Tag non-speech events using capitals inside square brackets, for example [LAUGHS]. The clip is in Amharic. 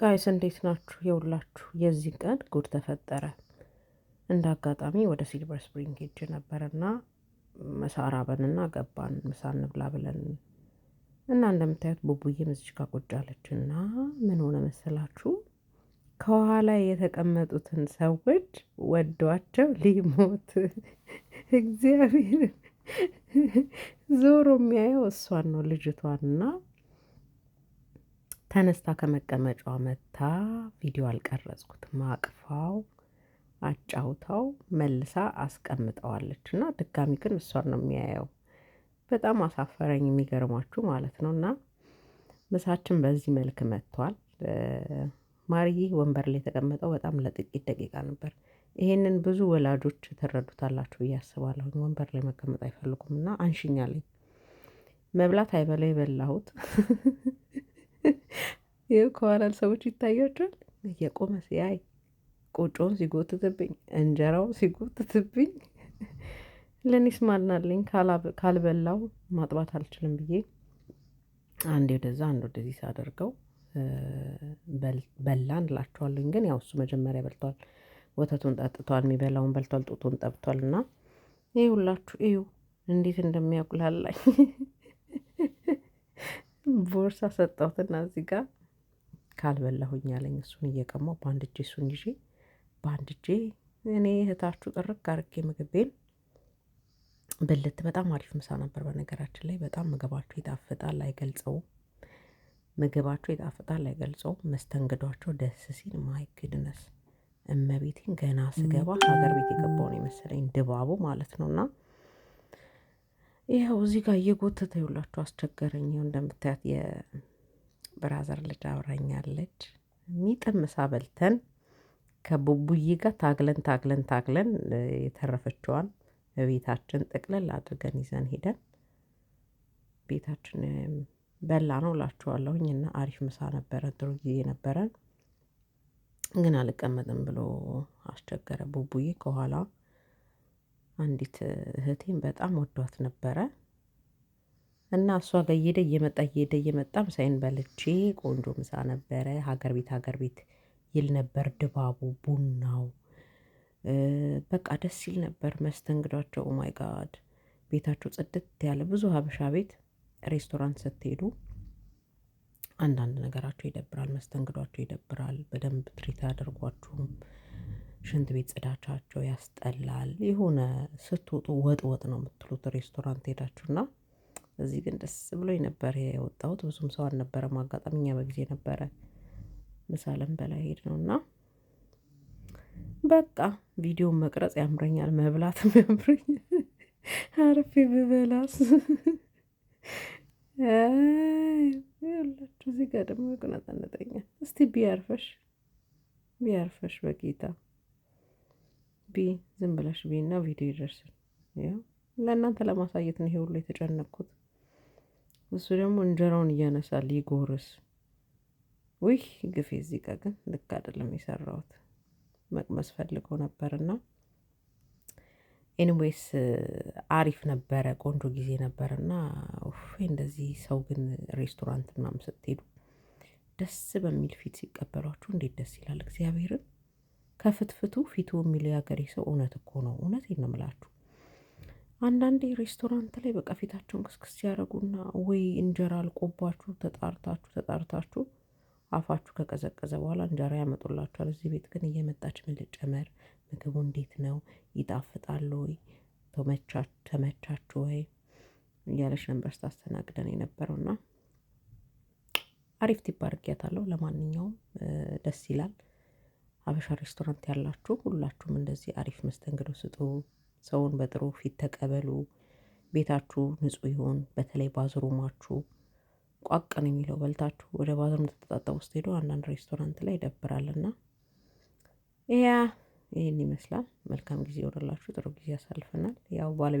ጋይስ እንዴት ናችሁ? የሁላችሁ የዚህ ቀን ጉድ ተፈጠረ። እንደ አጋጣሚ ወደ ሲልቨር ስፕሪንግ ሄጄ ነበርና ምሳ ራበንና ገባን ምሳ እንብላ ብለን እና እንደምታዩት ቡቡዬ እዚች ጋ ቁጭ አለች እና ምን ሆነ መሰላችሁ ከኋላ የተቀመጡትን ሰዎች ወደዋቸው ሊሞት [LAUGHS] እግዚአብሔር ዞሮ የሚያየው እሷን ነው ልጅቷን እና ተነስታ ከመቀመጫዋ መታ ቪዲዮ አልቀረጽኩትም አቅፋው አጫውታው መልሳ አስቀምጠዋለች እና ድጋሚ ግን እሷን ነው የሚያየው። በጣም አሳፈረኝ የሚገርማችሁ ማለት ነው። እና ምሳችን በዚህ መልክ መጥቷል። ማርዬ ወንበር ላይ የተቀመጠው በጣም ለጥቂት ደቂቃ ነበር። ይሄንን ብዙ ወላጆች ትረዱታላችሁ ብዬ አስባለሁ። ወንበር ላይ መቀመጥ አይፈልጉም እና አንሽኛለኝ መብላት አይበላ የበላሁት [LAUGHS] ይኸው ከኋላ ሰዎች ይታያቸዋል። እየቆመ ሲያይ ቆጮውን ሲጎትትብኝ፣ እንጀራውን ሲጎትትብኝ ለእኔስ ማልናለኝ ካልበላው ማጥባት አልችልም ብዬ አንዴ ወደዛ አንድ ወደዚህ ሳደርገው በላ እንላቸዋለኝ። ግን ያው እሱ መጀመሪያ በልቷል፣ ወተቱን ጠጥቷል፣ የሚበላውን በልቷል፣ ጡቱን ጠብቷል። እና ይህ ሁላችሁ እዩ እንዴት እንደሚያቁላላኝ ቦርሳ ሰጠሁትና እዚህ ጋር ካልበላሁኝ ያለኝ እሱን እየቀማው በአንድ እጄ እሱን ይዤ በአንድ እጄ እኔ እህታችሁ ጥርቅ አርጌ ምግቤን ብልት። በጣም አሪፍ ምሳ ነበር በነገራችን ላይ። በጣም ምግባቸው ይጣፍጣል፣ አይገልጸውም። ምግባቸው ይጣፍጣል፣ አይገልጸውም። መስተንግዷቸው ደስ ሲል ማይ ግድነስ እመቤቴን ገና ስገባ ሀገር ቤት የገባውን የመሰለኝ ድባቡ ማለት ነው ነውና ይኸው እዚህ ጋር እየጎተተ ይውላችሁ አስቸገረኝ። እንደምታያት የብራዘር ልጅ አብራኛለች። የሚጥምሳ በልተን ከቡቡዬ ጋር ታግለን ታግለን ታግለን የተረፈችዋን በቤታችን ጥቅልል አድርገን ይዘን ሄደን ቤታችን በላ ነው ላችኋለሁኝ። እና አሪፍ ምሳ ነበረን፣ ጥሩ ጊዜ ነበረን። ግን አልቀመጥም ብሎ አስቸገረ ቡቡዬ ከኋላ አንዲት እህቴን በጣም ወዷት ነበረ እና እሷ ጋር እየሄደ እየመጣ እየሄደ እየመጣ ሳይን በልቼ ቆንጆ ምሳ ነበረ። ሀገር ቤት ሀገር ቤት ይል ነበር ድባቡ፣ ቡናው በቃ ደስ ይል ነበር። መስተንግዷቸው ኦማይ ጋድ ቤታቸው ጽድት ያለ ብዙ ሀበሻ ቤት ሬስቶራንት ስትሄዱ አንዳንድ ነገራቸው ይደብራል፣ መስተንግዷቸው ይደብራል። በደንብ ትሪት አድርጓችሁም ሽንት ቤት ጽዳቻቸው ያስጠላል። የሆነ ስትወጡ ወጥ ወጥ ነው የምትሉት ሬስቶራንት እና እዚህ ግን ደስ ብሎኝ ነበር የወጣሁት። ብዙም ሰው አልነበረም። አጋጣሚ እኛ በጊዜ ነበረ ምሳለም በላይ ሄድ ነው እና በቃ ቪዲዮን መቅረጽ ያምረኛል፣ መብላትም [LAUGHS] ያምረኛል። አርፌ ብበላስ ያላችሁ [LAUGHS] እዚህ ጋር ደግሞ ይቆነጠነጠኛል። እስቲ ቢያርፈሽ ቢያርፈሽ በጌታ ቢ ዝም ብለሽ ቢና ቪዲዮ ይደርስል። ለእናንተ ለማሳየት ነው ይሄ ሁሉ የተጨነቅኩት። እሱ ደግሞ እንጀራውን እያነሳል ይጎርስ። ውይ ግፌ! እዚህ ጋር ግን ልክ አይደለም የሰራሁት። መቅመስ ፈልገው ነበርና ኤኒዌይስ አሪፍ ነበረ። ቆንጆ ጊዜ ነበርና እንደዚህ ሰው ግን ሬስቶራንት ምናምን ስትሄዱ ደስ በሚል ፊት ሲቀበሏችሁ እንዴት ደስ ይላል! እግዚአብሔርን ከፍትፍቱ ፊቱ የሚል የሀገሬ ሰው እውነት እኮ ነው። እውነት ነው የምላችሁ። አንዳንዴ ሬስቶራንት ላይ በቃ ፊታቸውን ክስክስ ያደረጉና ወይ እንጀራ አልቆባችሁ ተጣርታችሁ ተጣርታችሁ አፋችሁ ከቀዘቀዘ በኋላ እንጀራ ያመጡላችኋል። እዚህ ቤት ግን እየመጣች ምን ልጨመር፣ ምግቡ እንዴት ነው ይጣፍጣል ወይ ተመቻችሁ ወይ እያለች ነበር ስታስተናግደን የነበረውና አሪፍ ቲፕ አድርጊያታለሁ። ለማንኛውም ደስ ይላል። ሀበሻ ሬስቶራንት ያላችሁ ሁላችሁም እንደዚህ አሪፍ መስተንግዶ ስጡ፣ ሰውን በጥሩ ፊት ተቀበሉ፣ ቤታችሁ ንጹህ ይሆን በተለይ ባዝሩማችሁ ቋቅ ነው የሚለው በልታችሁ ወደ ባዝሩም ተጣጣው ውስጥ ሄዶ አንዳንድ ሬስቶራንት ላይ ይደብራልና ያ ይህን ይመስላል። መልካም ጊዜ ይሆንላችሁ። ጥሩ ጊዜ ያሳልፈናል ያው ባለቤት